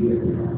月份。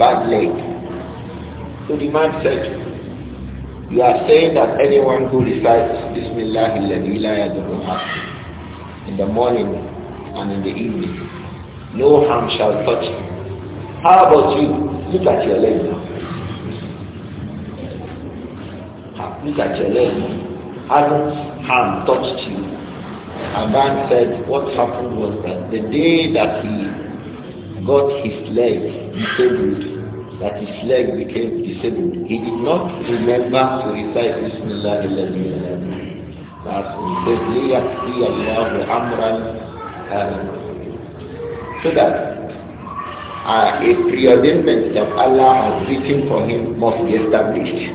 bad leg. So the man said, you are saying that anyone who recites Bismillah in the morning and in the evening, no harm shall touch him. How about you? Look at your leg now. Look at your leg now. Hasn't harm touched you? Aban said what happened was that the day that he got his leg disabled, that his leg became disabled. He did not remember to recite Bismillah That's um, So that uh, a preordainment that Allah has written for him must be established.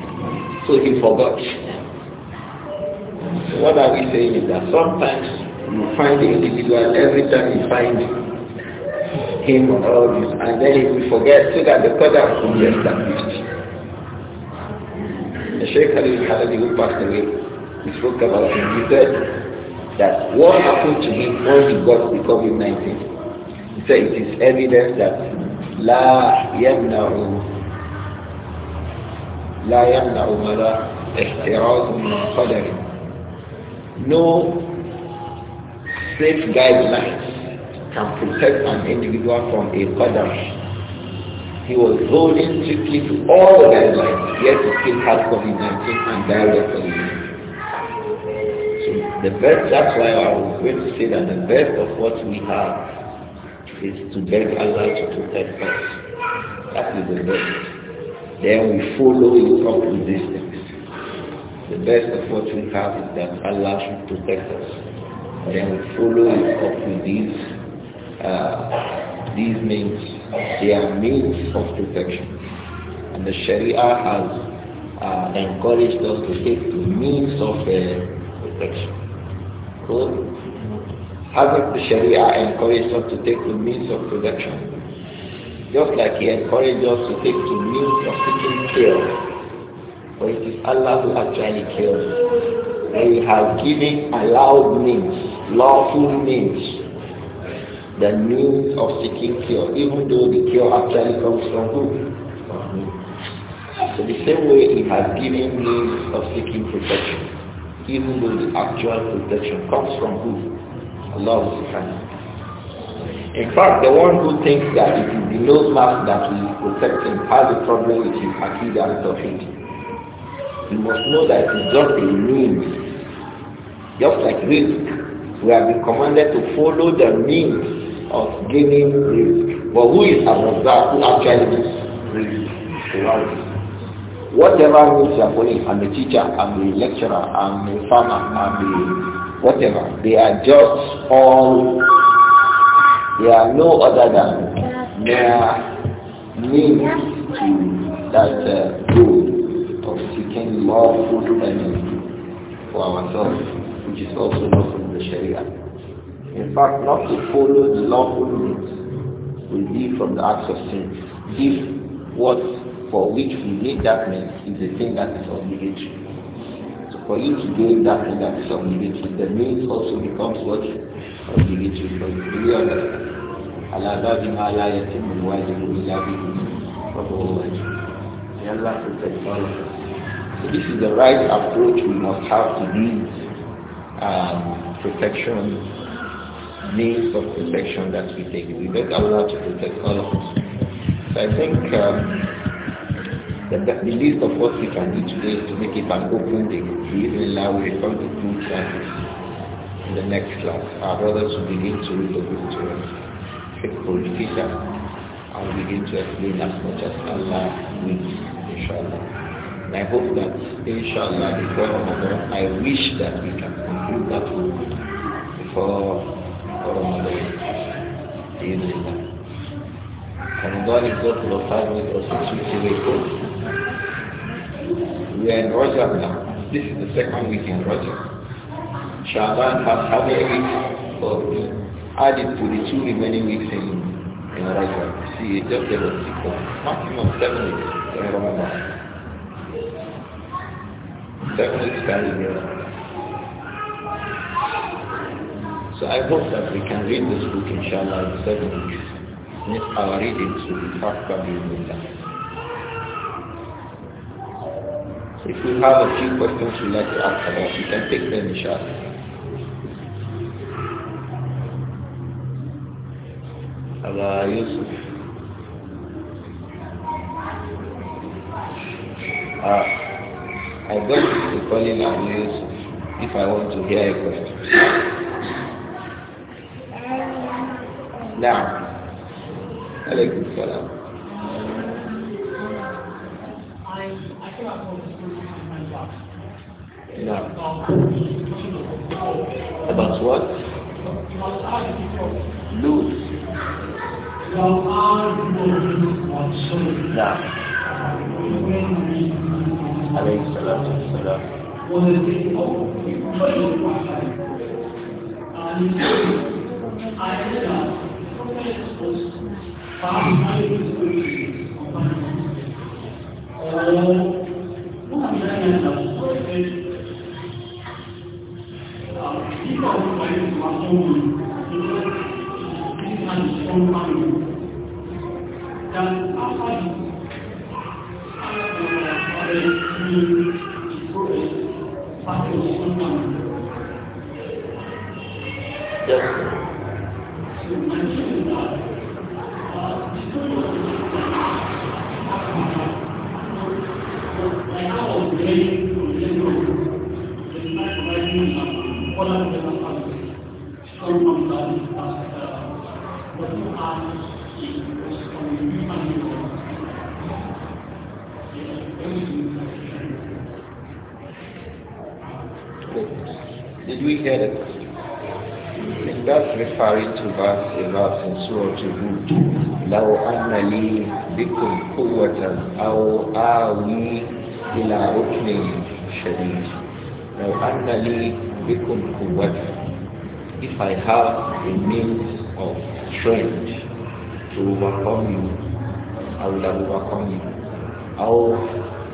So he forgot. So what are we saying is that sometimes you find the individual every time you find him on all this, and then he will forget so that the qadar will be established. The Sheikh Khalil Halabi who passed away, he spoke about him. He said that what happened to him when he got the COVID-19? He said it is evidence that لا يمنع لا يمنع ولا احتراز قدر no safe guidelines can protect an individual from a qadar. He was holding strictly to all the guidelines, yet he still had COVID-19 and died of COVID-19. So the best, that's why I was going to say that the best of what we have is to beg Allah to protect us. That is the best. Then we follow it up with these things. The best of what we have is that Allah should protect us. Then we follow it up with these uh, these means, they are means of protection. And the Sharia has uh, encouraged us to take the means of uh, protection. So, hasn't the Sharia encouraged us to take the means of protection? Just like He encouraged us to take the means of taking care. For it is Allah who actually cares. We have given allowed means, lawful means the means of seeking cure, even though the cure actually comes from who? From So the same way he has given means of seeking protection, even though the actual protection comes from who? Allah subhanahu in fact, the one who thinks that it is the nose mask that he is protecting has a problem with his Aqidah and Tawheed. He must know that it is just a means. Just like this, we have been commanded to follow the means of gaining risk. But who is Al-Razzaq who actually gives risk? Whatever rules you are calling, I'm teacher, I'm lecturer, I'm a farmer, I'm whatever, they are just all, they are no other than mere means to that uh, goal of seeking lawful earning for ourselves, which is also not in the Sharia. In fact, not to follow the lawful means will be from the acts of sin. If what for which we need that means is the thing that is obligatory. So for you to gain that thing that is obligatory, the means also becomes what? Obligatory for you. Do you understand? So this is the right approach we must have to these um, protection means of protection that we take. We beg Allah to protect all of us. So I think um, that, that the least of what we can do today is to make it an open day. Bismillah, we refer to do that in the next class. Our brothers will begin to read the book to us. Fiqhul I'll begin to explain as much as Allah wills, inshallah. I hope that, inshallah, before Ramadan, I wish that we can conclude that book before Ramadan بإذن الله رمضان يدخل الخير والرسول صلى الله عليه وسلم We are in Rajab now. This is the second week in Rajab. Shaban has had a week of added to the two remaining weeks in, in Rajab. See, it's just about six months. Maximum seven weeks in Ramadan. Seven weeks can be so I hope that we can read this book inshallah in seven weeks. If our readings will be faster than that. if we have a few questions we'd like to ask about, you can take them inshallah. Aba Yusuf. Ah, I got to calling Abu Yusuf if I want to hear a question. نعم عليكم السلام نعم about what? Lose. نعم عليه الصلاة والسلام I और شديد لو أن لي بكم قوة if I have a means of strength to overcome you I will overcome you أو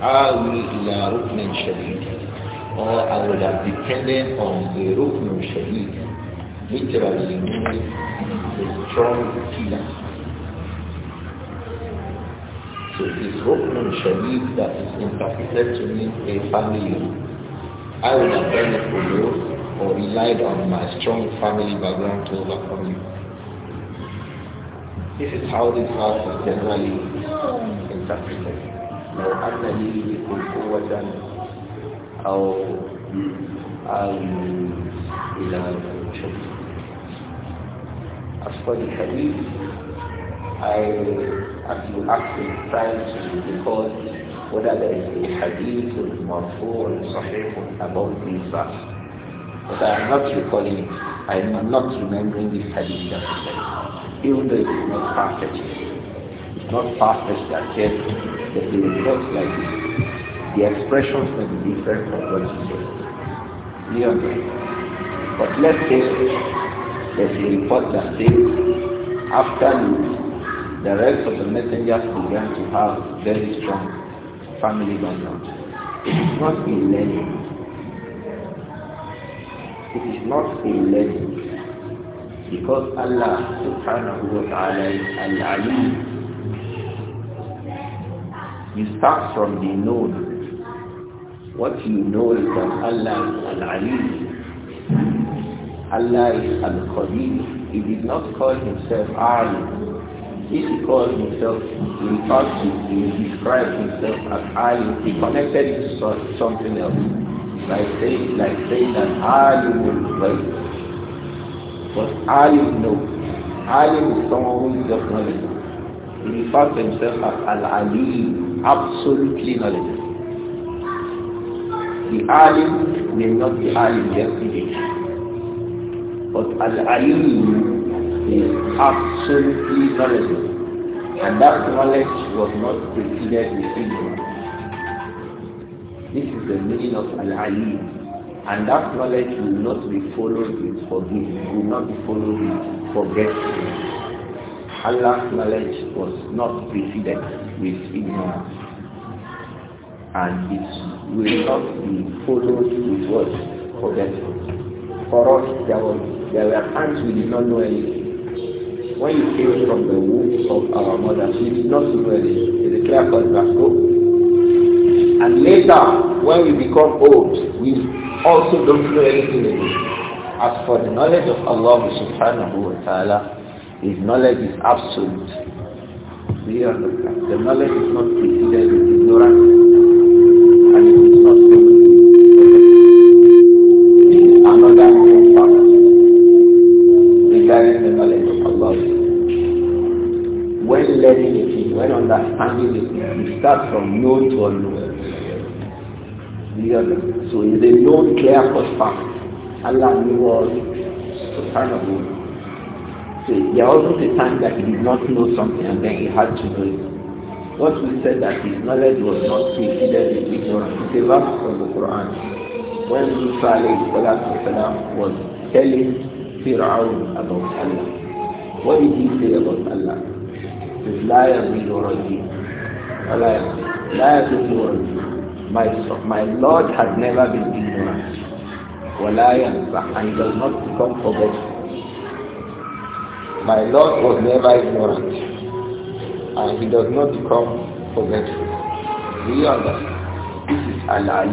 آوي إلى ركن شديد or I would have depended on the ركن شديد literally means a strong pillar so it is Ruknun Sharif that is interpreted to mean a family I would have done it for you or relied on my strong family background to overcome you. This is how this house is generally interpreted. لو أن لي بكم قوة أو أو إلى As for the family, I as you actually try to recall whether there is a hadith or marfu or sahih about this verse. But I am not recalling I am not remembering this hadith that is said. Even though it is not perfect, it's not perfect that says that it is not like this. The expressions may be different from what he says. You understand? But let's say there's a report that says after you the rest of the messengers began to have very strong family background. It is not in learning. It is not in learning. Because Allah subhanahu wa ta'ala is al-alim. You start from the known. What you know is that Allah is al-alim. Allah is al He did not call himself alim. If he calls himself, He fact, he describes himself as Ali. He connected it to something else. Like saying, like saying that alim will right? But alim no. Ali is someone who is just knowledge. He refers to himself as al Ali, absolutely knowledge. The Ali may not be Ali yesterday. But al Ali is absolutely knowledgeable. And that knowledge was not preceded with ignorance. This is the meaning of Al-Alim. And that knowledge will not be followed with forgiveness, will not be followed with forgetfulness. Allah's knowledge was not preceded with ignorance. And it will not be followed with what? Forgetfulness. For us, there, was, there were times we did not know anything when you came from the wombs of our mother, she did not know anything. It's a clear contrast. And later, when we become old, we also don't know anything anymore. As for the knowledge of Allah subhanahu wa ta'ala, His knowledge is absolute. We understand? The knowledge is not preceded with ignorance, and it is not when understanding it, you start from no to unknown. So in the known clear cut fact. Allah knew all subhanahu. So there wasn't a time that he did not know something and then he had to know it. What we said that his knowledge was not preceded in ignorance. It's a verse from the Quran. When Musa was telling Fir'aun about Allah, what did he say about Allah? says, La yazidu La yazidu My, my Lord has never been ignorant. Allah And he does not become forgetful. My Lord was never ignorant. And he does not become forgetful. Do you understand? This is Allah.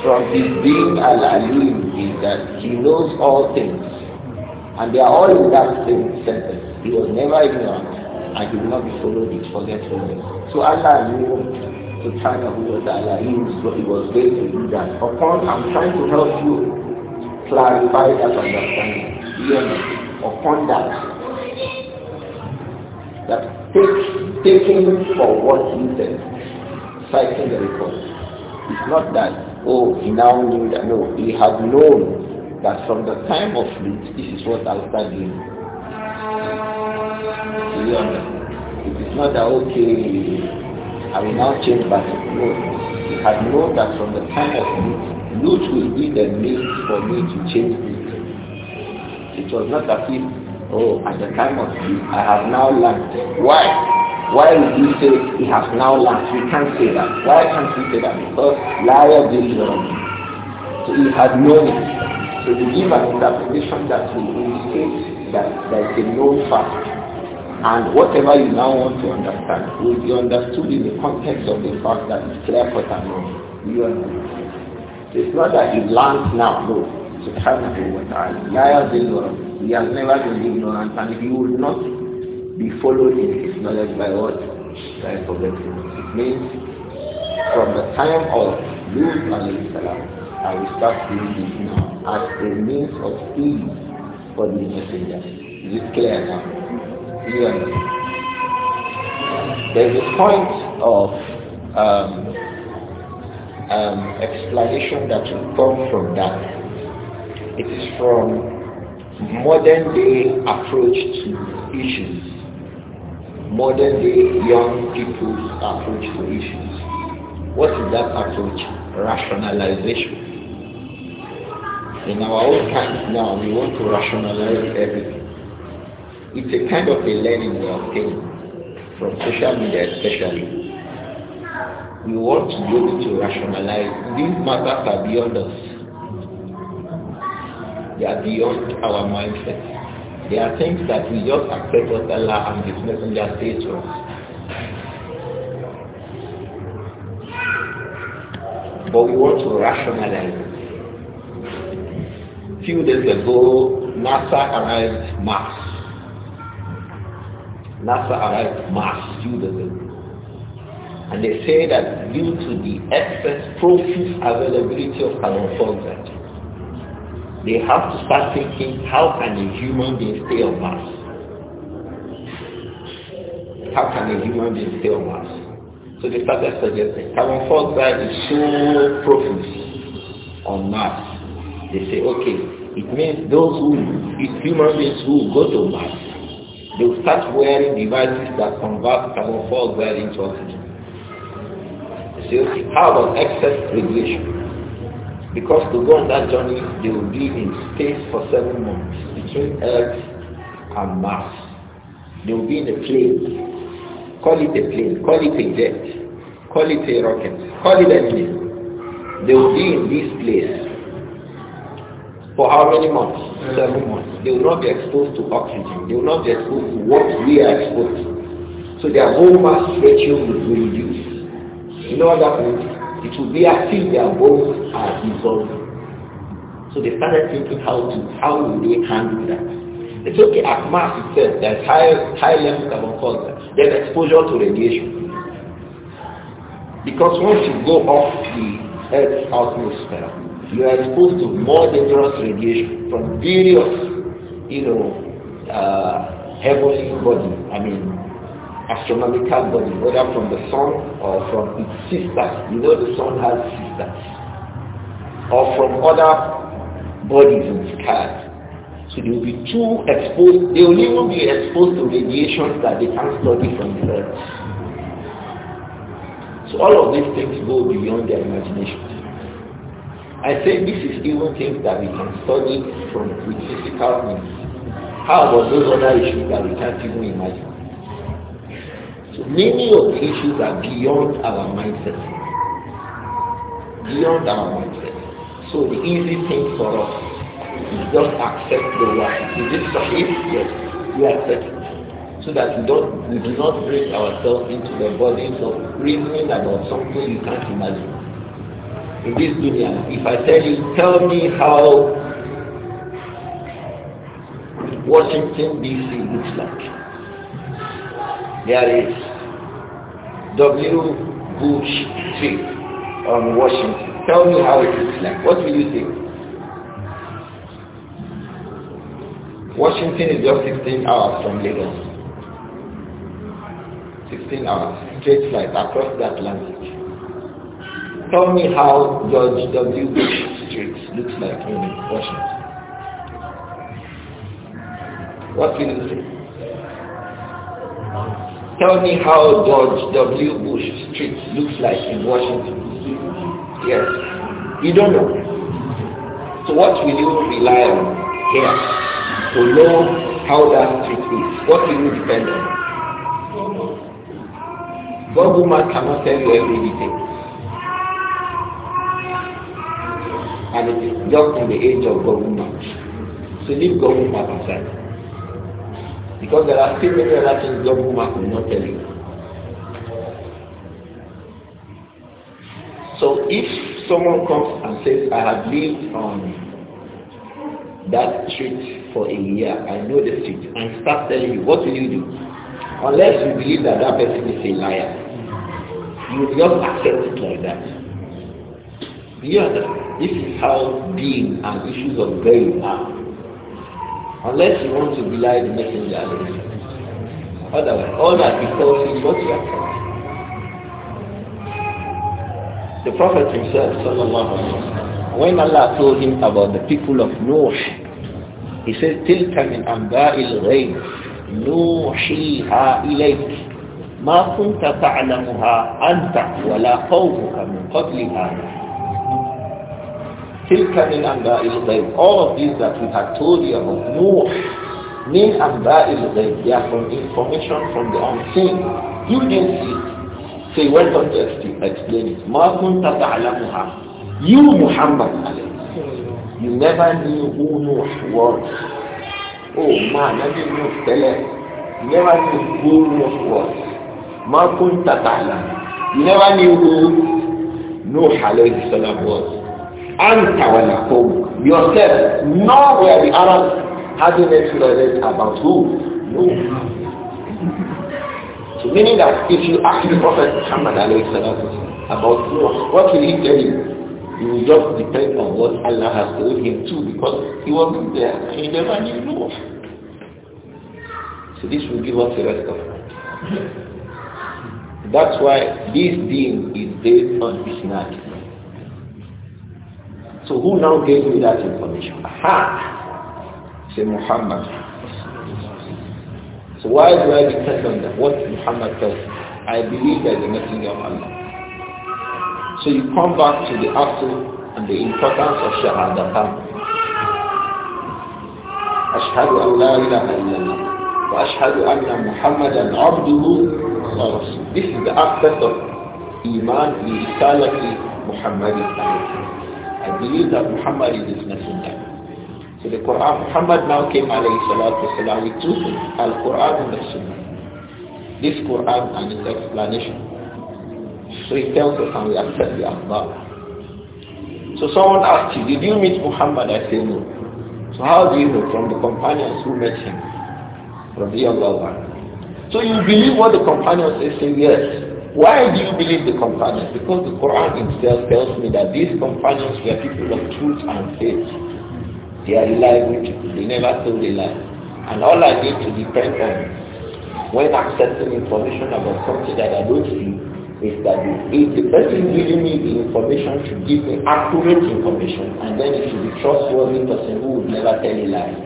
From his being Al-Alim is that he knows all things. And they are all in that same sentence. He was never ignorant. I could not be followed with forgetfulness. So Allah knew Subhanahu wa ta'ala, he was to do that upon I'm trying to help you clarify that understanding. upon that, that take, taking for what he said, citing the record, It's not that, oh, he now knew that. No, he had known that from the time of it, this is what I'll start doing. It is not that, okay, I will now change back. No. He had known that from the time of Lut, Lut will be the means for me to change it. It was not that if, oh, at the time of Lut, I have now learned. Why? Why would we say he has now learned? We can't say that. Why can't we say that? Because liar did wrong. So he had known it. So we give an interpretation that will indicate that there is a known fact. And whatever you now want to understand will be understood in the context of the fact that it's clear cut and It's not that he learns now, no. Subhanahu wa ta'ala. He has never been ignorant and he will not be followed in his knowledge by what? By forgetfulness. It means from the time of Luke alayhi salam, I will start doing this now as a means of ease for the messenger. Is it clear now? You There is a point of um, um, explanation that will come from that. It is from modern day approach to issues. Modern day young people's approach to issues. What is that approach? Rationalization. In our own times now, we want to rationalize everything. It's a kind of a learning we from social media especially. We want to be able to rationalize. These matters are beyond us. They are beyond our mindset. There are things that we just accept what Allah and His Messenger say to us. But we want to rationalize. A few days ago, NASA arrived Mars. NASA arrived Mars students. And they say that due to the excess profuse availability of carbon dioxide, they have to start thinking how can a human being stay on Mars? How can a human being stay on Mars? So they started suggesting carbon dioxide is so profuse on Mars. They say, okay, it means those who, human beings who go to Mars, they will start wearing devices that convert carbon dioxide into oxygen. They say, how about excess radiation? Because to go on that journey, they will be in space for seven months between Earth and Mars. They will be in a plane. Call it a plane. Call it a jet. Call it a rocket. Call it anything. They will be in this place for how many months? Seven months. They will not be exposed to oxygen. They will not be exposed to what we are exposed to. So their bone mass ratio will reduce. You know what that means? It will be as if their bones are dissolving. So they started thinking how to how will they handle that. It's okay at mass itself, there's high high level carbon content, there's exposure to radiation. Because once you go off the Earth's atmosphere, you are exposed to more dangerous radiation from various, you know, uh, heavenly body, I mean, astronomical body, whether from the sun or from its sister. You know the sun has sisters. Or from other bodies in the sky. So they will be too exposed, they will even be exposed to radiations that they can't study from the earth. So all of these things go beyond their imagination. I think this is even things that we can study from with physical means. How about those other issues that we can't even imagine? So many of the issues are beyond our mindset. Beyond our mindset. So the easy thing for us is just accept the word. Is it sahih? Yes. We accept it. So that we don't we do not bring ourselves into the bodies of reasoning about something you can't imagine in this dunya. If I tell you, tell me how Washington DC looks like. There is W. Bush Street on Washington. Tell me how it looks like. What do you think? Washington is just 16 hours from Lagos. 16 hours, straight flight across the Atlantic. Tell me how George W. Bush Street looks like in Washington. What will you say? Tell me how George W. Bush Street looks like in Washington. Yes. You don't know. So what will you rely on here to know how that street is? What will you depend on? Google Maps cannot tell you everything. and it is just in the age of government. So leave government aside. Because there are still many other things government will not tell you. So if someone comes and says, I have lived on that street for a year, I know the street, and start telling you, what will you do? Unless you believe that that person is a liar, you will just accept it like that. Do you This is how being and issues of grave are. Unless you want to rely the messenger Otherwise, all that because is what you are The Prophet himself, sallallahu when Allah told him about the people of Noah, he said, تِلْكَ مِنْ أَنْبَاءِ الْغَيْبِ نُوحِيهَا إِلَيْكِ ما كنت تعلمها أنت ولا قومك من قبل هذا تلك من أنباء الغيب all of these that we have told you about me من أنباء الغيب they are from information from the unseen you didn't see it so he went on to explain it ما كنت تعلمها you Muhammad you never knew who Nuh was oh man I didn't know Pele never knew who Nuh was ما كنت تعلم you never knew who Nuh عليه السلام was Anta wala qawm. Yourself. Nor where the have having experienced about who? No. So meaning that if you ask the Prophet Muhammad about who, what will he tell you? You will just depend on what Allah has told him to because he wasn't there. He never knew So this will give us a rest of That's why this deen is based on Islam. So who now gave you that information? Aha! Say Muhammad. So why do I depend on that? What Muhammad tells I believe that the messenger of Allah. So you come back to the actual and the importance of shahadatan. أشهد أن لا إله إلا الله وأشهد أن محمدا عبده ورسوله. This is the aspect of Iman, the Salati, Muhammad. I believe that Muhammad is his messenger. So the Quran, Muhammad now came alayhi salatu salam with two things, Al-Quran and the Sunnah. This Quran and its explanation. So he tells us and we accept the Akhbar. So someone asked you, did you meet Muhammad? I say no. So how do you know from the companions who met him? From the Allah. So you believe what the companions say, say yes. Why do you believe the companions? Because the Quran itself tells me that these companions were people of truth and faith. They are reliable people. They never told a lie. And all I need to depend on when accepting information about something that I don't see is that if the person giving me the information should give me accurate information and then it should be trustworthy person who would never tell a lie.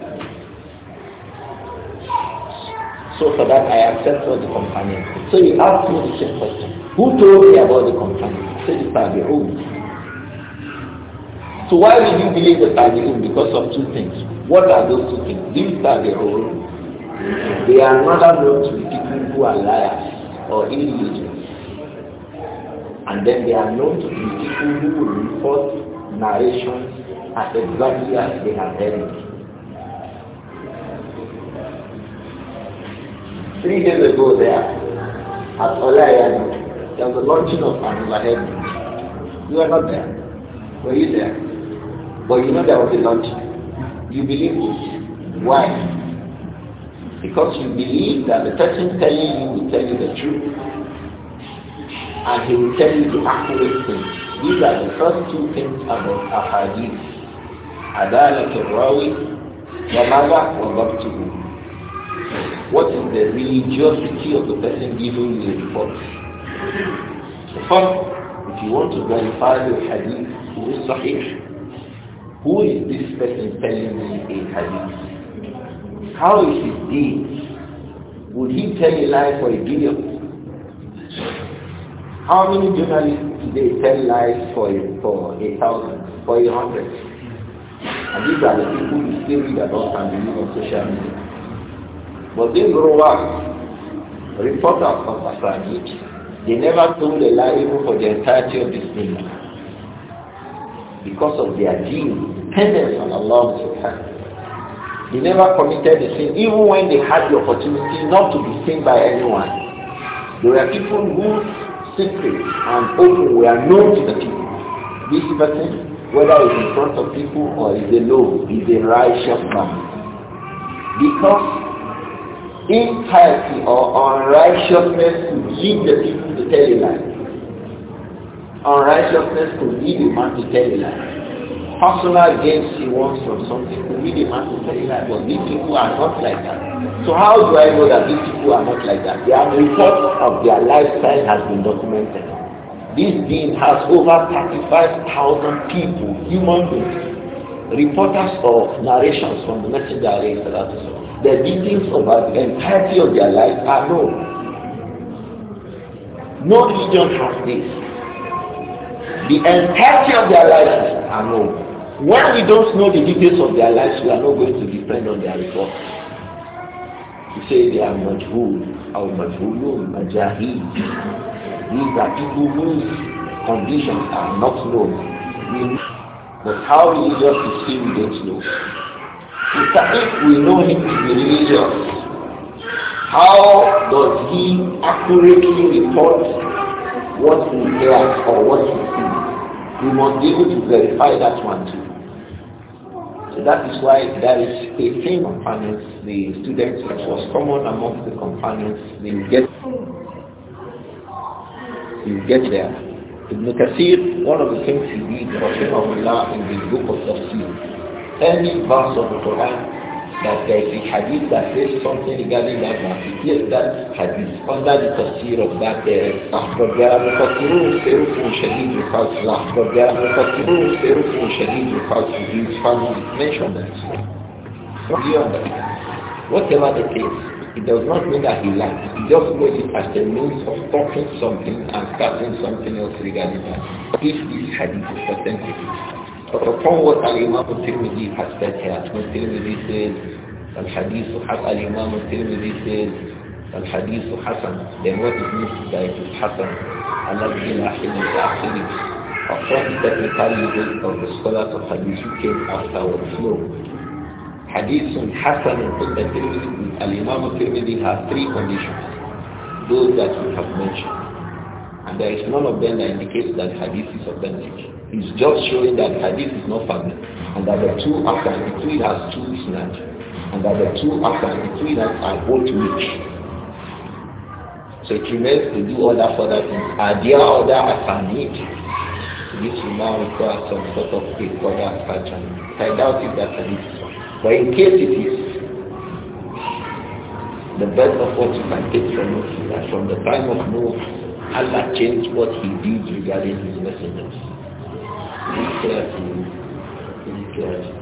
So for that, I accept the companion. So you asked me the same question. Who told me about the companion? I said, the Tabi'un. So why did you believe the Tabi'un? Because of two things. What are those two things? These Tabi'un, they are not allowed to be people who are liars or illegitimate. And then they are known to be people who will report narrations as exactly as they have heard it. Three days ago there, at Olayani, there was a launching of an overhead. You were not there. Were you there? But you know there was a launching. You believe it. Why? Because you believe that the person telling you will tell you the truth. And he will tell you the accurate things. These are the first two things about a hadith. عدالة الراوي وماذا وضبطه what is the religiosity of the person giving you the report? First, if you want to verify the hadith, who is Sahih? Who is this person telling me a hadith? How is his deeds? Would he tell a lie for a video? How many journalists today tell lies for a, for a thousand, for a hundred? And these are the people who still read about and believe on social media. But these Rawat, report of Asanid, they never told the lie even for the entirety of this thing. Because of their deen, dependence on Allah subhanahu they never committed a sin even when they had the opportunity not to be seen by anyone. There were people whose secretly and open were known to the people. This person, whether it's in front of people or is alone, is a righteous man. Because impiety or unrighteousness to lead the people to tell a lie. Unrighteousness to lead a man to tell a lie. Personal gains he wants from something to lead a man to tell a lie, but these people are not like that. So how do I know that these people are not like that? Their reports of their lifestyle has been documented. This being has over 35,000 people, human beings, reporters of narrations from the Messenger of Allah the details of the entirety of their life are known. No religion has this. The entirety of their lives are known. When we don't know the details of their lives, we are not going to depend on their report. You say they are majhul, Al majhulun, majahid. These are people whose conditions are not known. But how religious is still we don't know. Mr. we know him to be religious. How does he accurately report what he hears or what he sees? We must be able to verify that one too. So that is why there is a thing companions, the students, which was common among the companions, they get you get there. Ibn Kathir, one of the things he did, Rahimahullah, in the book of Tafsir, any verse of the Quran that there is a hadith that says something regarding that verse. Yes, that hadith. Under the tafsir of that, أخبرنا مفسرون سيرف شديد الخلق أخبرنا مفسرون سيرف شديد الخلق is family mentioned that. do Beyond that. Whatever the case, it does not mean that he lied. He just made it as a means of talking something and starting something else regarding that. If this hadith is authentic. فتطور الإمام الترمذي حسبتها والترمذي سين الحديث حق الإمام الترمذي سين الحديث حسن لعوات النفس بايت الحسن الذي لا حين تأخذي فصحبت بكالي ذلك الرسولة الحديث كيف أرثى ورسله حديث حسن قد الترمذي الإمام الترمذي has three conditions those that you have mentioned And there is none of them that indicates that hadith is authentic. It's just showing that hadith is not fabric. And that the two after between has two isnad. And that the two after between us are both rich. So it remains to do other for that. Are there other asanid? This will now require some sort of a further attraction. I doubt if that hadith is But in case it is, the best of what you can take from it is that from the time of Noah Allah changed what he did regarding his messengers. Be careful. Be careful.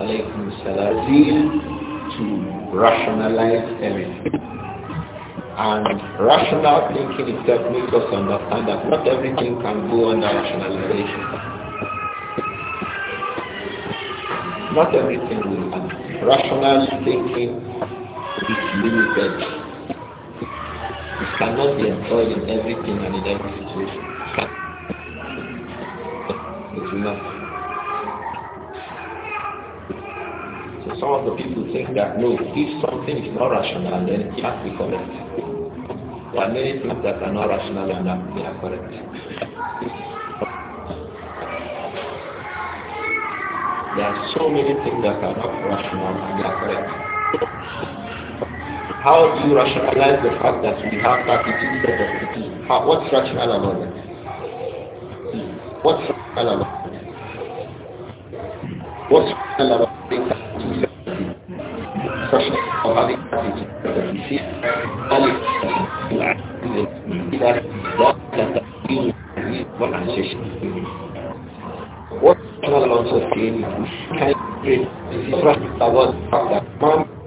Alaykum salazil to rationalize everything. And rational thinking itself makes us understand that not everything can go under rationalization. Not everything will happen. Rational thinking is limited cannot be employed in everything and in every situation. It's enough. So some of the people think that no, if something is not rational, then it has to be correct. There are many things that are not rational and that they are correct. There are so many things that are not rational and they are correct. How do you rationalize the fact that we have 32 instead of 15? How, what's rational about that? What's rational about that? What's rational about having 32 instead of 15? Rational about having 32 instead of 15? All it's that God that the being is one association. What's rational about the same? Can you create this rational about the fact that man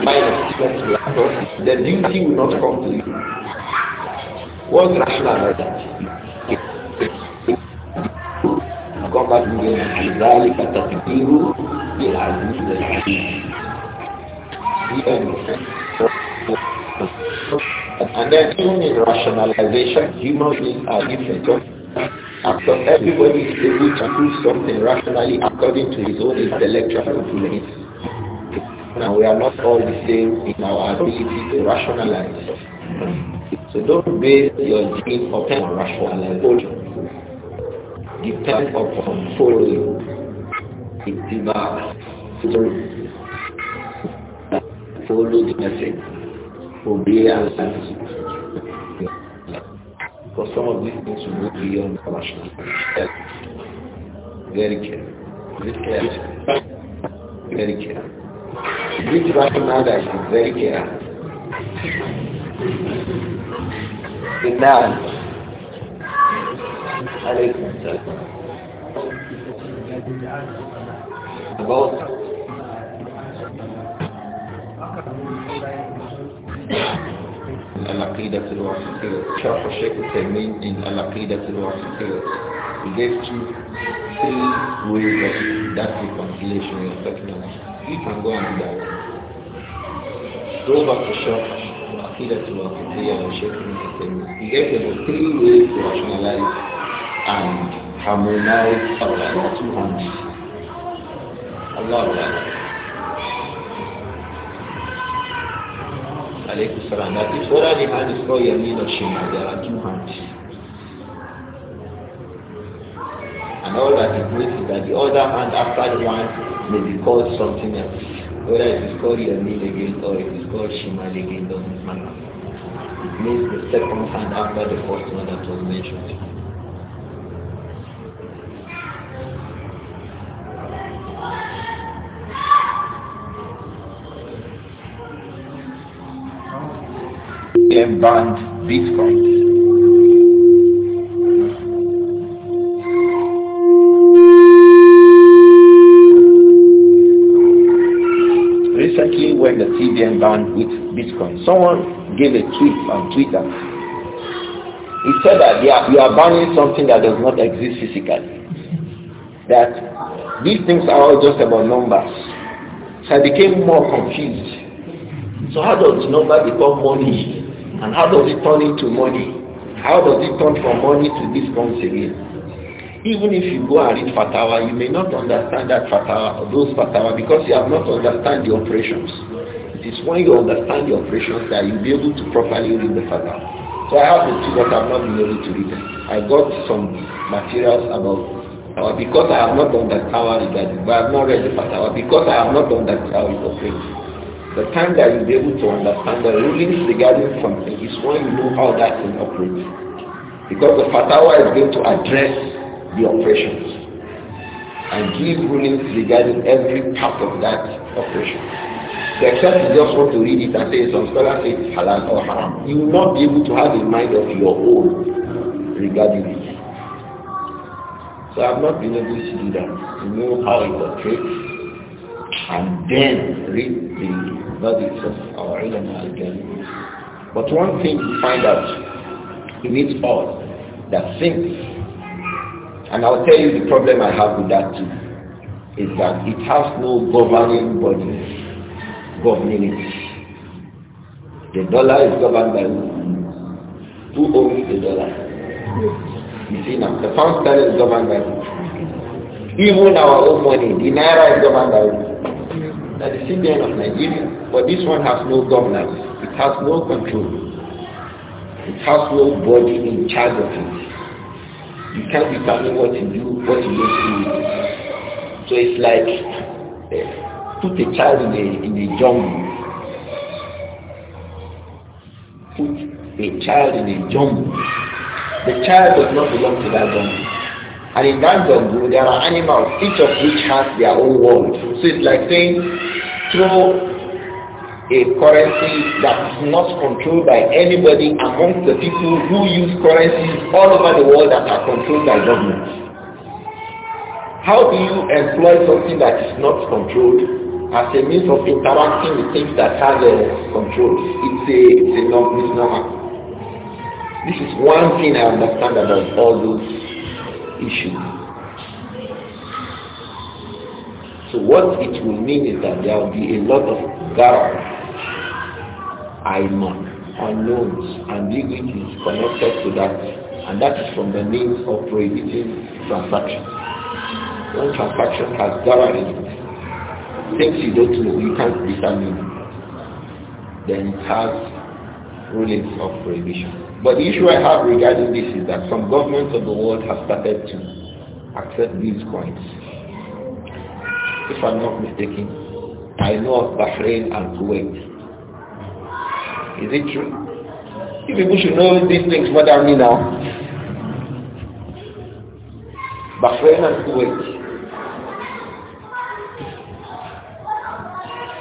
minus 20 because the duty will not come to you. What's rational Come back to ذلك تقدير And then even in rationalization, human beings are different. So everybody is able to prove something rationally according to his own intellectual ability and we are not all the same in our ability to rationalize. So don't base your dream upon rationalization. Depend upon following. It's about follow the message, obey and Because some of these things will go beyond rational. Very careful. Very careful. Very careful. Which one mother is very clear? The Nan. About العقيدة الواسطية شرح الشيخ التيمين in العقيدة الواسطية gave two, three ways of that reconciliation in are talking about. You can go and do Go back to shop, Akida to Akidiyya and Sheikh You get about three ways to rationalize and harmonize Allah two hands. Allah Allah. that salam. That is whether the hand is called Yamin or there are two hands. And all that is is that the other hand after the one may be called something else. Whether it is called Yamil again or it is called Shimal again doesn't matter. It means the second hand after the first one that was mentioned. Band Bitcoin. recently when the CBN banned with Bitcoin, someone gave a tweet on Twitter. He said that you are banning something that does not exist physically. That these things are all just about numbers. So I became more confused. So how does number become money? And how does it turn into money? How does it turn from money to this comes again? Even if you go and read fatawa, you may not understand that fatawa, those fatawa, because you have not understand the operations. It is when you understand the operations that you'll be able to properly read the fatawa. So I have the two, but I've not been able to read them. I got some materials about uh, because I have not done that hour but I have not read the fatawa, because I have not done that hour is The time that you'll be able to understand the rulings regarding something is when you know how that thing operates. Because the fatawa is going to address the operations and give rulings regarding every part of that operation. The except is just want to read it and say some scholars say it's halal or haram, you will not be able to have a mind of your own regarding it. So I've not been able to do that, to know how it operates and then read the verdicts of our ulama again. But one thing we find out in it all, that things and I'll tell you the problem I have with that too, is that it has no governing body governing it. The dollar is governed by who? Who owns the dollar? You see now, the pound sterling is governed by who? Even our own money, the naira is governed by who? That is CBN of Nigeria. But this one has no governance. It has no control. It has no body in charge of it. You can't determine what you do, what you don't do. So it's like eh, put a child in a, in a jungle. Put a child in a jungle. The child does not belong to that jungle. And in that jungle, there are animals, each of which has their own world. So it's like saying, throw a currency that is not controlled by anybody amongst the people who use currencies all over the world that are controlled by governments. How do you employ something that is not controlled as a means of interacting with things that have a uh, control? It's a, it's a misnomer. This is one thing I understand about all those issues. So what it will mean is that there will be a lot of garage Aiman, unknowns, and living is connected to that. And that is from the means of prohibiting transactions. When transaction has dollar things you don't know, you can't determine, then it has rulings of prohibition. But the issue I have regarding this is that some governments of the world have started to accept these coins. If I'm not mistaken, I know of Bahrain and Kuwait is it true? You people should know these things What than me now. Bahrain and Kuwait.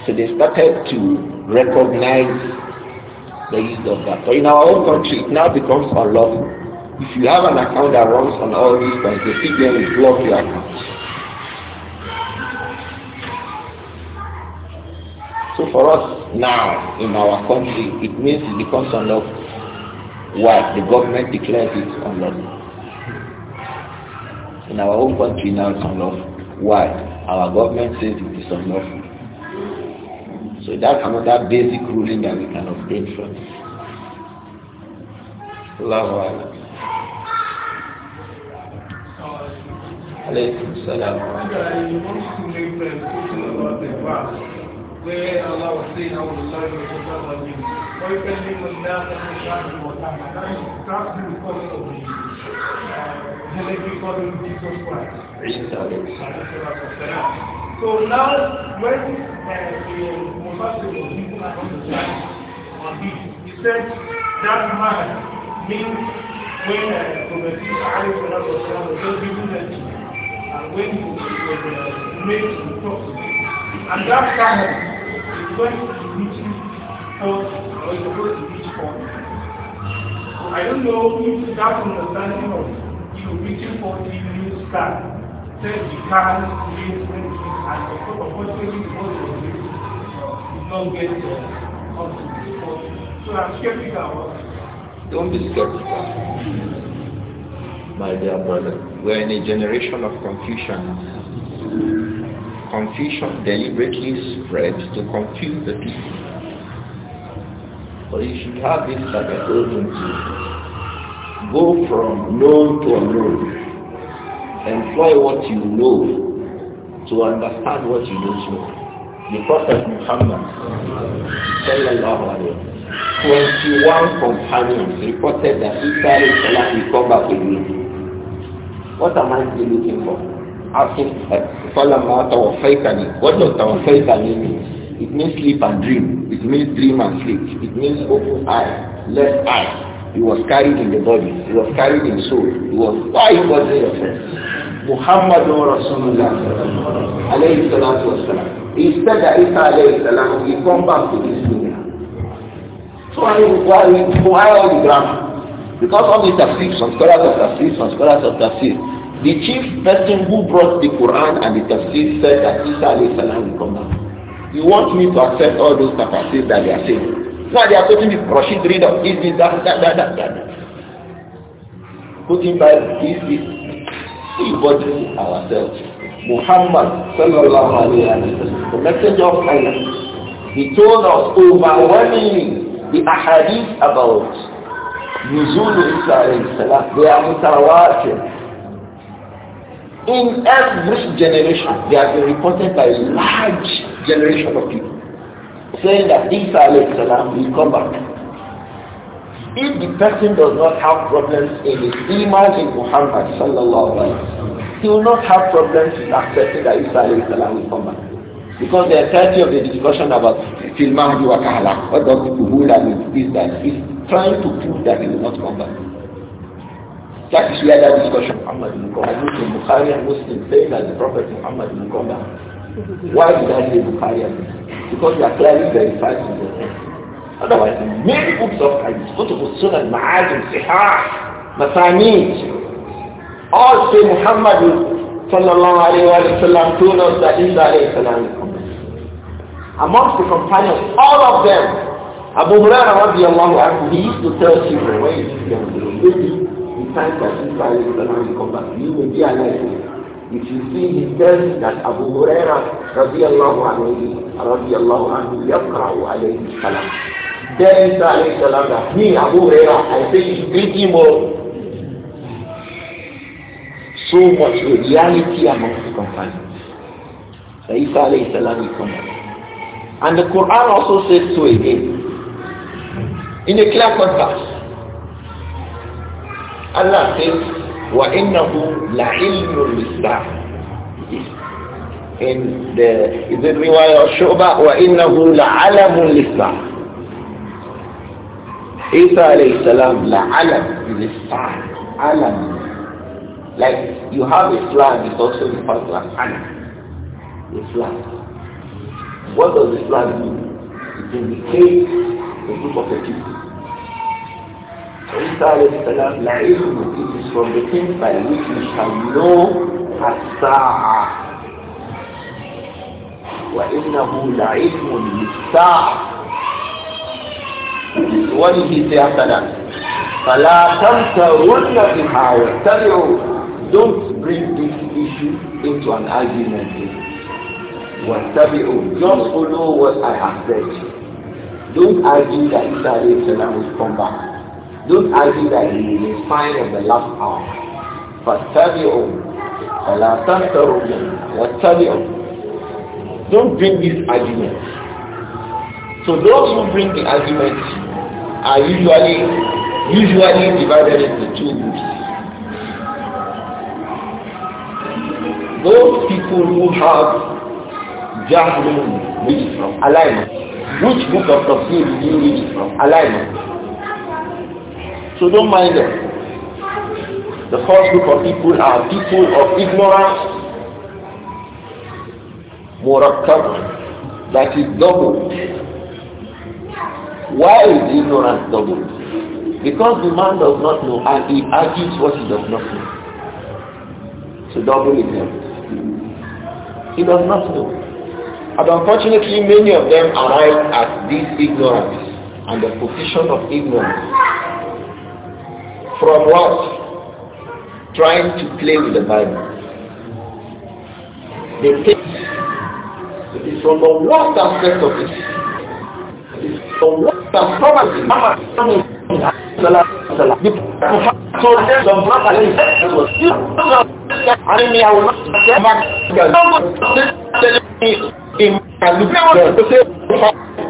So they started to recognize the use of that. But in our own country, it now becomes unlawful. If you have an account that runs on all these banks, the CBN will block your account. So for us now in our country, it means it becomes of Why? The government declares it unlawful. In our own country now it's unlawful. Why? Our government says it is unlawful. So that's another basic ruling that we can obtain from it. Allah where Allah was you, the of uh, Jesus. The Christ. So now, when uh, was people are to on he said, that man means when uh, the Messiah was just given that and when he was uh, made to talk to and that time I don't know if that understanding of you reaching for the new start says you can't create and the sort of consequences do is not get So I'm skeptical about it. Don't be skeptical. My dear brother, we're in a generation of confusion confusion deliberately spread to confuse the people. But you should have this like an urgency. go from known to unknown. Employ what you know to understand what you don't know. The Prophet Muhammad, sallallahu alayhi 21 companions reported that each time to come back with me. What am I still looking for? asking eh, Salama Tawafaytani. What does Tawafaytani mean? It means sleep and dream. It means dream and sleep. It means open eye, left eye. He was carried in the body. He was carried in soul. He was why he was there. Muhammad Rasulullah alayhi salatu wasalam. He said that Isa alayhi salam will come back to this dunya. So I why why all the grammar? Because all the tafsir, some scholars of tafsir, some scholars of tafsir, the chief person who brought the Quran and the Tafsir said that Isa salam will come back. You want me to accept all those Tafsirs that they are saying? Now they are quoting the Rashid Rida, this, this, that, that, that, that, that. Quoting by this, this. We body ourselves. Muhammad sallallahu alayhi wa the messenger of Allah, he told us overwhelmingly the ahadith about Nuzul Isa alayhi salam. They are mutawatir. In every generation, they have been reported by a large generation of people saying that Isa alayhi salam will come back. If the person does not have problems in his iman in Muhammad sallallahu alayhi he will not have problems in accepting that Isa alayhi salam will come back. Because the entirety of the discussion about Filmahdi wa Kahala, what does the Kuhula mean, is that he's trying to prove that he will not come back. That is where that discussion Muhammad ibn I look Bukhari and Muslim saying that the Prophet Muhammad ibn Why did I say Bukhari and Muslim? Because we are clearly verified in the Otherwise, many books of hadith, Kutub of Sunan, Ma'azim, Sihah, Masanid, all say Muhammad sallallahu alayhi wa sallam told us that Isa alayhi Amongst the companions, all of them, Abu Hurairah radiallahu anhu, he used to tell children, you time that Isa will come back, you will be alive. If you see, he tells that Abu Huraira, radiallahu anhu, radiallahu anhu, yakra'u alayhi salam. Then Isa alayhi salam, that me, Abu Huraira, I say, drink him more. So much reality amongst the companions. Say, Isa alayhi salam will come back. And the Quran also says so again. In a clear contrast, Allah says, وَإِنَّهُ لَعِلْمُ لِلسَّاعِ In the, is it riwayah Shu'ba? وَإِنَّهُ لَعَلَمُ لِلسَّاعِ Isa alayhi salam, لَعَلَمُ Alam. Like, you have a flag, it's also referred to as alam. A flag. What does the flag mean? It indicates the group of people. Isa salam, it is from the things by which we shall know as-sa'ah. فلا تمترن بها واتبعوا don't bring this issue into an argument واتبعوا just follow what I have said don't argue that Isa alayhi salam will come back don't argue that he is fine on the last hour. فَاتَّبِعُوا فَلَا تَنْتَرُوا وَاتَّبِعُوا Don't bring this argument. So those who bring the argument are usually usually divided into two groups. Those people who have jahlun, which from alignment. Which book of Tafsir do you read from? Alignment. So don't mind them. The first group of people are people of ignorance, more murakkab, that is double. Why is ignorance double? Because the man does not know and he argues what he does not know. So double ignorance. He does not know. And unfortunately many of them arrive at this ignorance and the position of ignorance From what? Trying to play with the Bible. They take it is from the worst aspect of it. the worst aspect of it.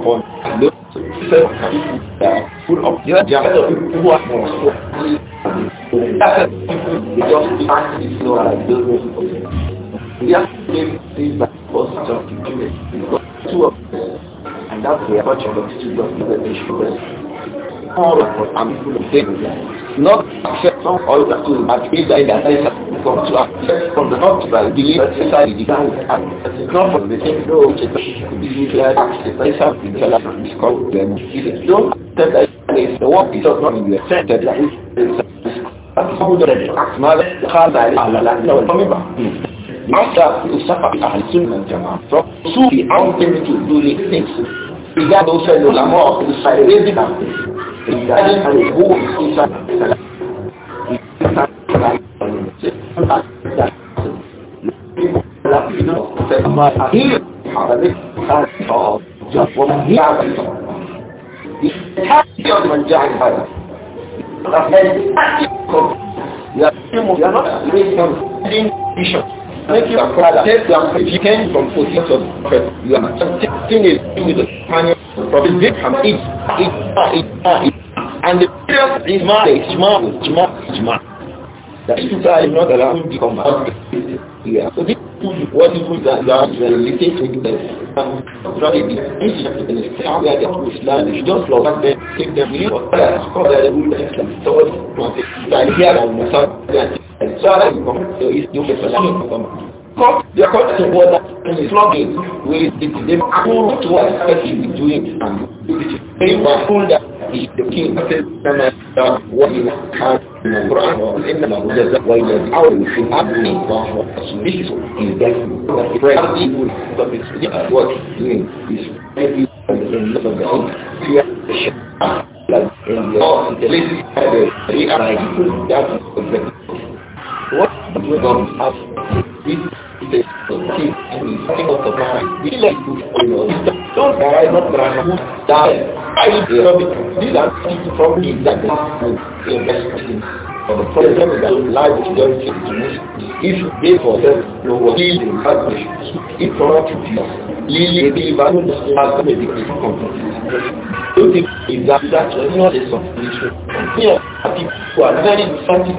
on are full people who are more so just act this law and those people they have to make things like first of the because two of them and that's the culture of the two of them they all of people of faith. Not accept some oil to achieve that in the sense to accept from the north believe that society began and not from the same door which could be usually accessed by some people from It's called them. If you don't tell that it's the work is not in the sense that is. it's Master Usapa Ahl Sunnah Jama'ah. So, Sufi, I want them to do these things. Ìgbà tó fẹ́ lò lámọ́ ọ̀pọ̀ ìsàlẹ̀ rẹ́bìnà. Make your father take your if you came from position of you are taking it with the manual. Prophet Abraham, it, it, it, it, and the period is Ijma, Ijma, Ijma, Ijma. That is why I'm not allowed to come out here. So this is what you that you are related to the Prophet Islam, the Islam that is Islam, you don't flow back take them in, or that's called the rule So it's not the idea of Musa, and so I come, so it's no person, I come out. Because they are according to what that is logging, we they pull to what person is doing and they were full that is the king says what you has in the Quran in the Mujazza why the hour you should have me this is in death the prayer people what doing is every in the the like in the the of the three are like what Thank you Don't not die. I These are from the problem that life is going to If they for them, in If not, not a solution.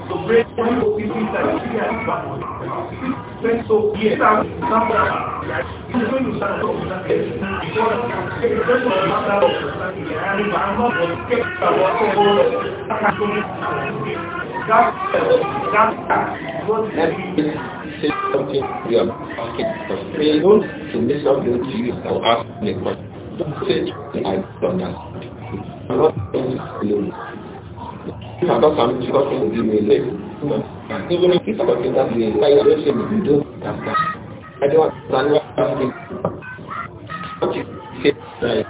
to you So here, say something you are asking for. Pray don't to make something to you or ask me question. Don't say I don't understand. I'm not alone. If I'm Even if it's that don't I don't understand what you say.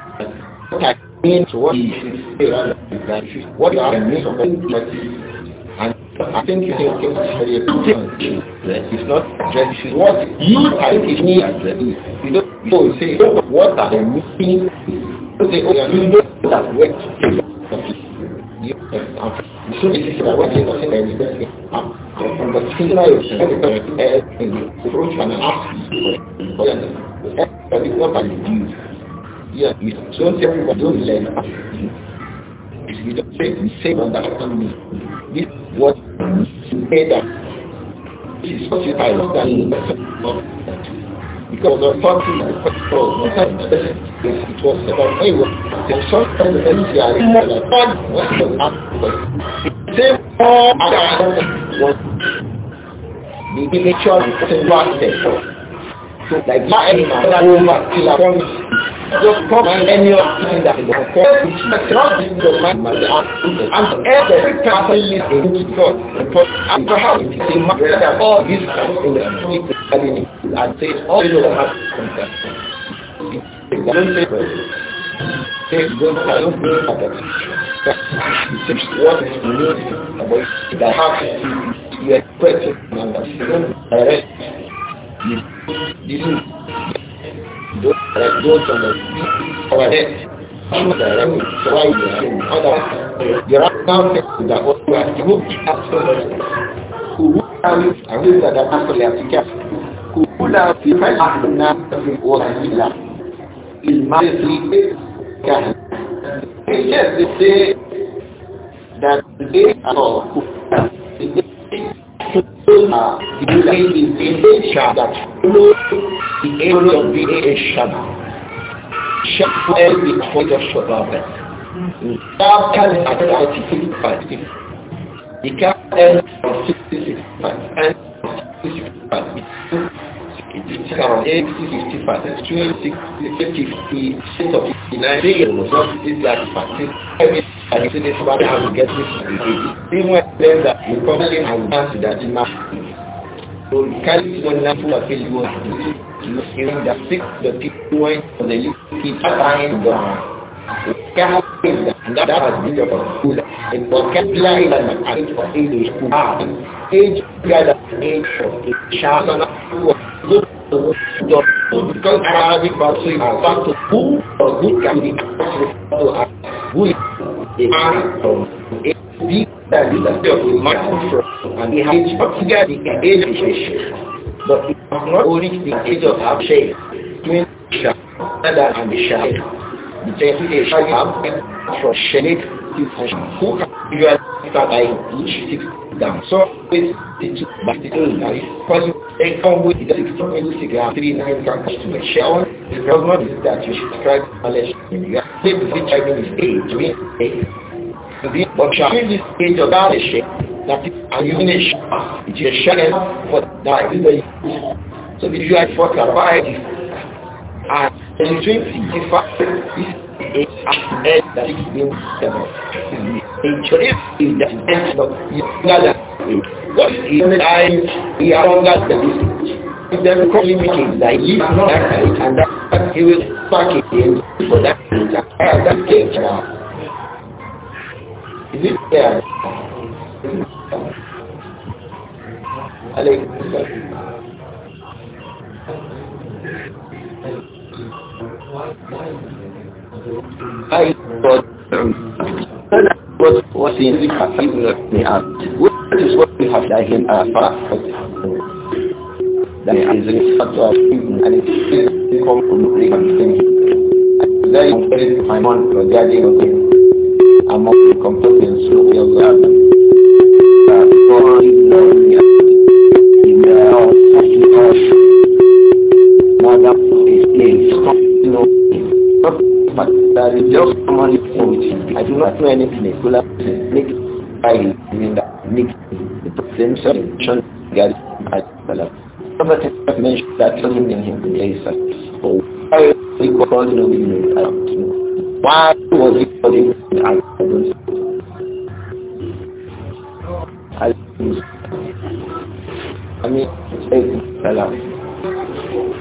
What I mean to what you say is what you are and I think you think it's very important. It's not just what you are You don't go say what are the meaning. You say, oh, you know that you should be what is from the singular and approach and ask for it. But it's you. Yeah, you do don't You don't say, you say what that This what you This is what you are because of something I control. It was about me. The short term oh, The same form was the nature of the So like my animal, I will not kill a Just and every person is a good And perhaps it is a matter that all these people are saying, all you know has contact. What is new about the heart? You are present and you don't You yóò tọ̀nà sí ọ̀rọ̀ rẹ̀ ọmọ ìdàrẹ́ mi sọ́wọ́ ìdàrẹ́ mi ọ̀dà yọ̀rọ̀ náà fẹ́ ìdà ọ̀rọ̀ àdúgbò àti ọ̀rọ̀ kùwú láàrin àwọn ìdàdà pásọ̀lẹ̀ àti kí kùwú láàrin fẹ́ẹ́ àdúgbò àti ọ̀rọ̀ ìlà ìmáyèsí pé kà Yes, they say that they are Soma educated in a shop that follows the area of the a shop. Shop where the point of survival. Now can at 96 He can end from 66 and 65. It's around is that to get this Even when that you that so can't even that the people for the that has been your ruler. In vocabulary and age for age is Quran. Age together, age because who good can be to from and but the but not only the age of Abshay, and the Jeffrey Shahab from Shenet who usually start by each six down. So it's into practical life. Because they come with the six from any cigar, three nine factors to make sure the problem is that you should try knowledge when you are able to try to age, mean age. But sharing this that is a unique, it is a challenge for the So if you are for survive and between 55 and 67. Insurance is the end of younger than What is the time we are younger than this? If there is a limit. that not right and that he will back it in for that reason. That case now. Is it there? Alaykum I was what in the which is what we have like in our past. That is a factor of even and it is come from the thing. I you get my mom regarding okay. Among the companions who we observe. Uh, for in the in the another place, place, you know, but that is just common information. I do not know any make I mean that make the same solution mentioned that in him is oh, why Why was he calling I mean,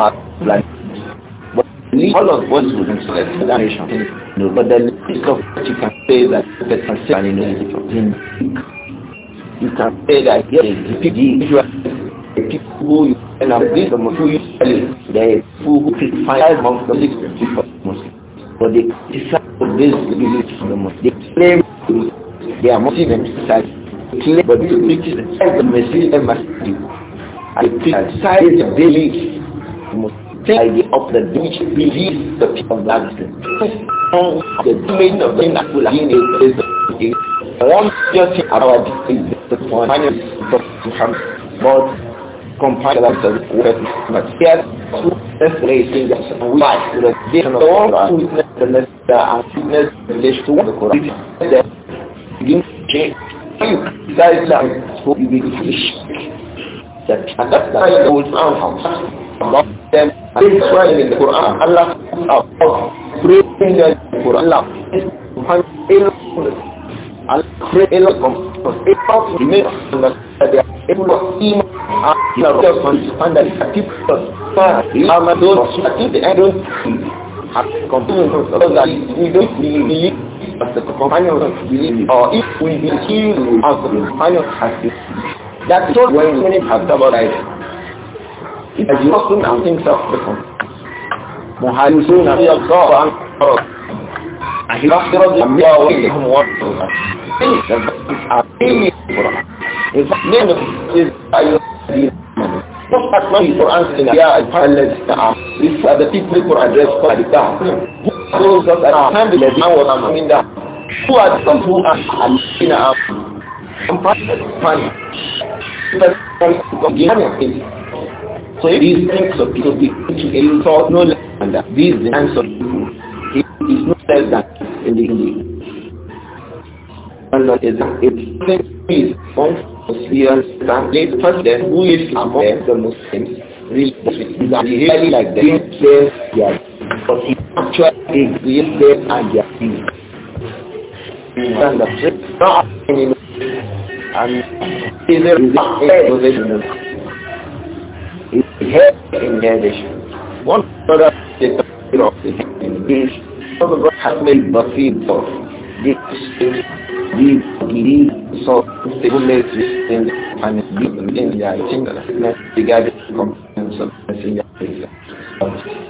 have like but all of what would influence the narration no, but the least of what you can say that the can say, in you can say that yes the people the people who you and of this the most who you Muslim usually the people who find criticize among the people Muslim but they decide criticize this belief the Muslim they claim they are Muslim themselves claim but this preaches the message and must do I criticize the belief must take the of the which believes the people of that The domain of the people is one just about is the companion of Muhammad, but companion of the word Muhammad. Here, two restorations and we are to the nation of the world and witness the witness the relation to the Quran. The beginning of the change. You be fish them. And that's how you will find About Them. and is why in the Quran, Allah praying the Quran. Allah as the companion of belief, or if we be the companion has that told when many Abdaba died. It has Muslim and things of different. مهاجرون في الصلاة عن فرق أحرق الجميع وإلهم وقتها These are the people who addressed by the Quran. Who are the people who are in our compassion? So these types of people begin to insult no less than these kinds of people, he is not less than in the Indian. And is it is one serious translate first then who is among them the Muslims really like them yes yes but he actually exist them and their things and the and is a position. His head in addition. One product is the head of the head in this. Photograph has made Basid of this is the lead so stableness in and in the I think that regarding components of messenger.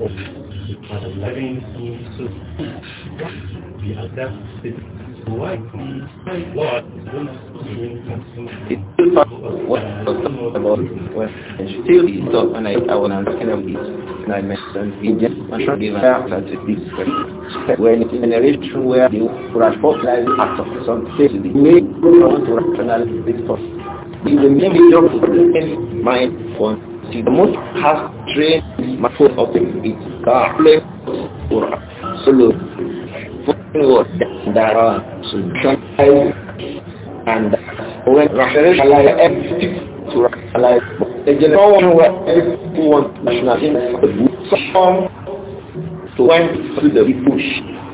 of our living soul. Be adapted to what God is what about when still is and I, I was talking about this and I mentioned we just mentioned given that this when it's a generation where the rationalize act of something the to rationalize this person is will main job of the mind for See, the most has trained my foot of the feet. Carplay or absolute. Followed Dara Sultan and when Rafael Shalaya empty to Rafael the general where national in the song to went through the bush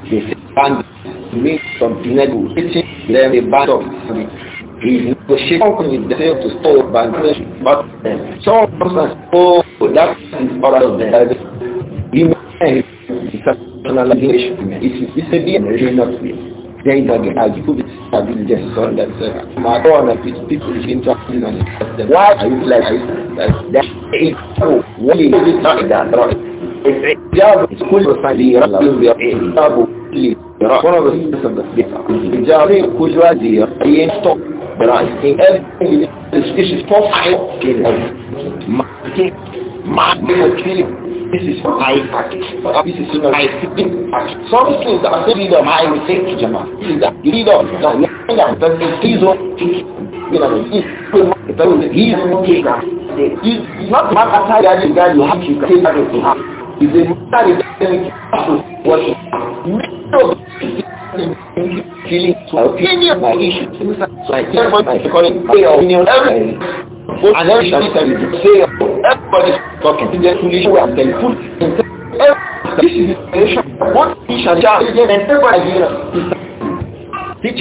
they to make some pinegu sitting then a band of the shaitan could be to stop by but someone comes oh, that is part of the human personalization. It's disobedience, not Then again, I put it diligence on that My God, I people Why are you like that? it not that? الحجاب كل الحجاب كل الحجاب كل ينطق Quran. In everything this is not this is my fact. This is my fact. Something that I said of my mistake, Jama. That leader, that leader, that he's you know, he's not mad at that you guys you have to take that to have. He's a matter that you have to worship feeling to my issue. So I tell my colleague, say opinion and every time you say your everybody's talking. The solution I'm telling you. This is the solution. What each and every every idea is teach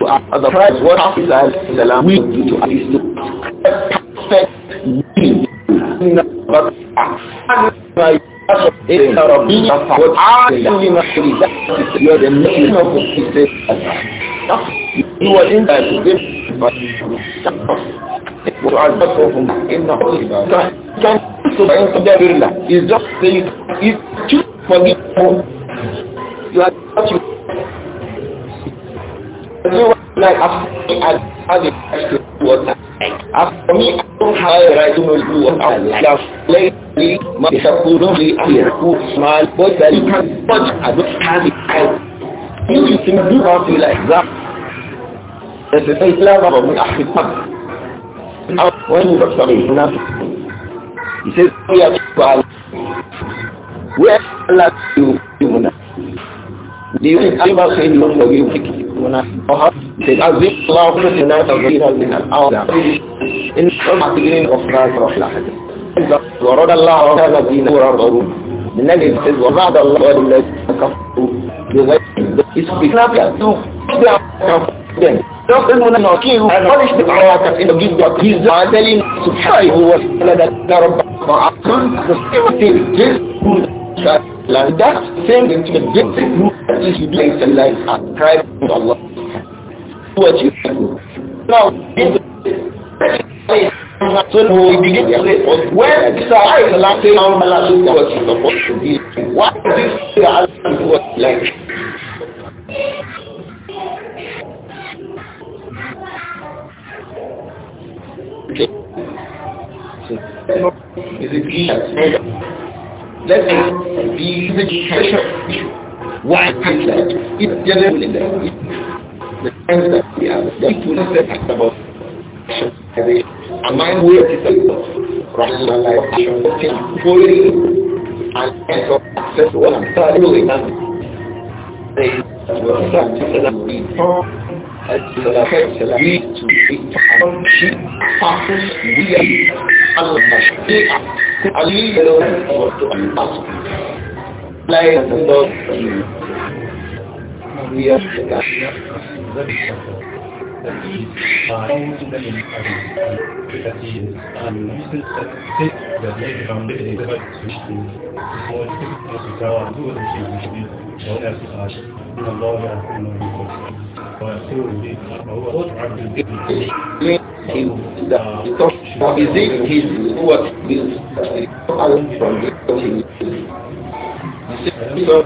to otherwise what happens is Allah will do to us to perfect being but you are the name of the you are in that The إنه كان سبعين قدر الله is just saying it's true for me you are not you like. After me, I have the right to do what I like. After me, I don't have the right to do what I like. my disciple don't but that you can touch don't have the right. You can do like that. of to me, he says, we oh, are people. Where Allah you, you Do you think don't forgive ونحوها تتعذب الله كل الناس تغييرها من الأرض إن المعتقين أخرى روح لحد ورد الله هذا الدين نور الغروب من أجل الحزب وبعد الله والذي كفروا بغير يسبقنا بأنه يقولون نعطيه ونعطيه بدعواتك إنه جد جزء عدل سبحانه وتعالى ربك معك نستمتع جزء that like that same the basic movement is you do it like ascribe to Allah. Do what you do. Now this so we begin to say, when this Allah is allowed to how Allah do what you're supposed to be, why is this the Allah do what he likes? Is it clear? let it be the treasure. Why is that? It's in that. The things that we have, the people that talk about among where it is rationalization, fully and end up access to what I'm studying. They were trying to be taught التوحيد في التحرمشي الله يا Because Isaac his what is from so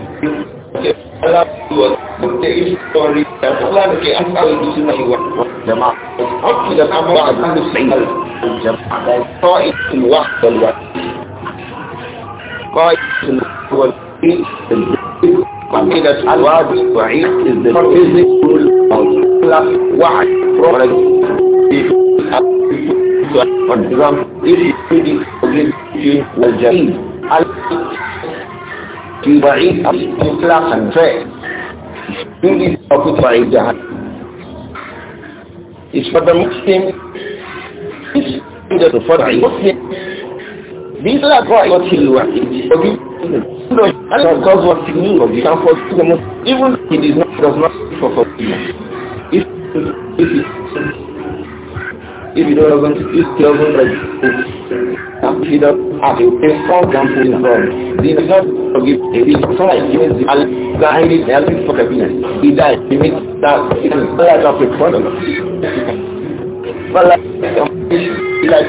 Allah was the story that Allah ke angka itu sunnah wa jamaah. Waktu dan apa ada single jamaah dan qaid al waqt al waqt. Qaid al waqt al waqt. Qaid al waqt al waqt is the physical class wide product if for example if you did obligation was jahil al في بعيد إطلاقا فعل يريد أو بعيد جهل It's for the Muslim It's under the فرع Muslim These are what you kill what is for you Allah does what you need of the comfort to the Muslim Even if it is not, does not for forgiveness if if if you don't if you don't like if um, you don't have a false example is wrong they did not forgive it is so like he was behind helping for forgiveness he died he means that it is not of the problem but like he like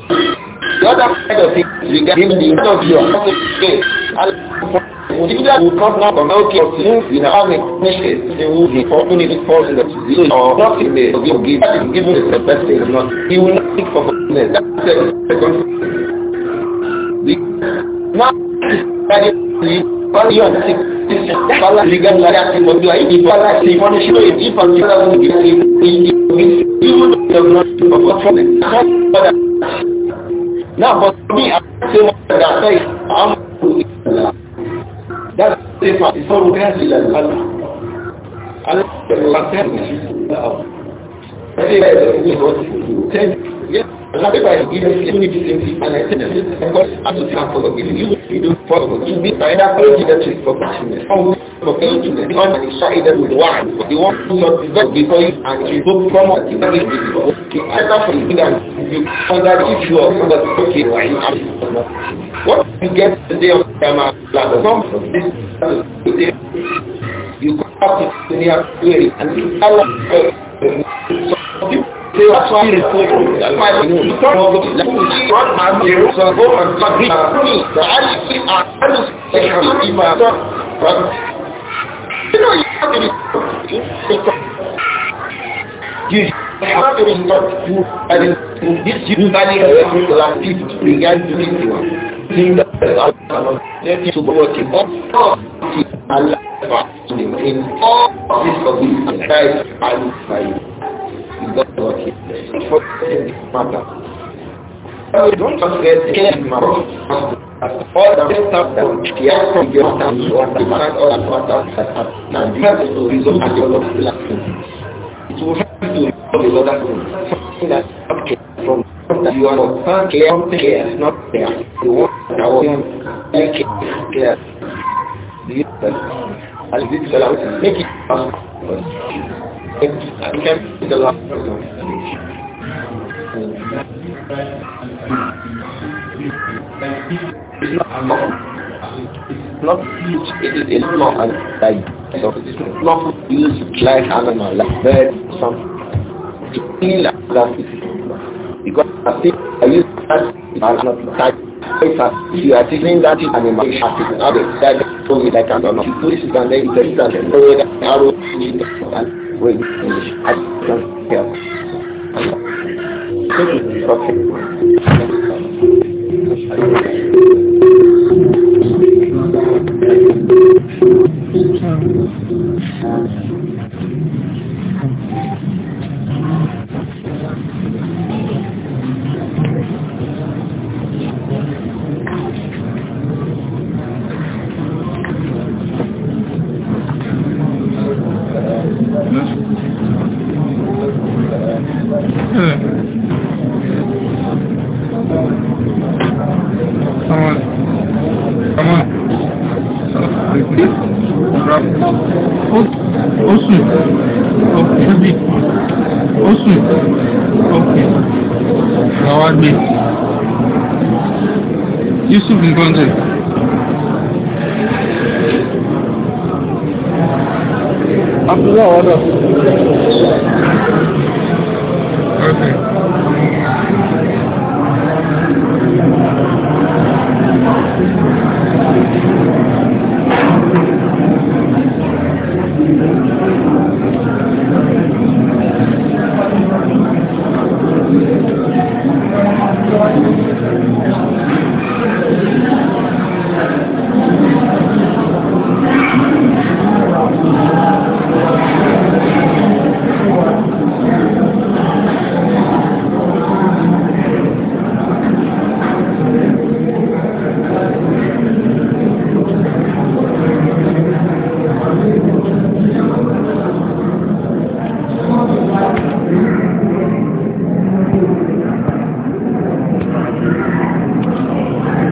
The other side of it is regarding the interview of the case. Individuals would not know from okay, since you have a message, they would be opening it for the position or not in the view given, given the perspective or not. He will not seek for forgiveness. That's the consequence. Now, ọlọ́yọ̀ ti bala liga lari àti mọ̀jú ayé ìbò aláṣẹ ìfọ́nṣẹ́ lóye tí ìfọ̀nù yóò lọ́wọ́ ìgbésí ìdí ìdí ìdí ìdí ìdí ìdí ìdí ìdí ìdí ìdí Nah, bagi semua data yang amat Islam. Dan sifat surga dan Allah. Allah berkata di situ. Alhamdulillah. Alhamdulillah. adalah Now if I give you the dignity and I think that God has to stand for you, you do for forgiving me. I have prayed that you for forgiveness. you come to oh, The one and sorry that with one, the one who not before you and you go from what you have been before. You either you under the issue what okay, why you have What you get today of Yama, like come from this, you go out to the near and Allah, They were trying to fight me. God and Jerusalem go and agree with me. The Alisi and Alisi my son. you know, you have to be you have to be and this usually happens like people began to think you Things that are not to work in all in all of these guys and by you is For this matter. So don't just get scared my all the stuff that the outcome of your time is what all the matters that have you have to resolve at will help to resolve the other things. Something that okay from that you are not clear, something clear, not there. You want that one clear. Do you understand? Make it possible. It's not huge, it is a and like so it's not used like animal, like bird, something. It's like that because I think I use that not tight. If you are taking that animal, you are taking out that, so like, I don't know, you put it and then you take it that then throw it way you I don't care. This is perfect. Thank كنتم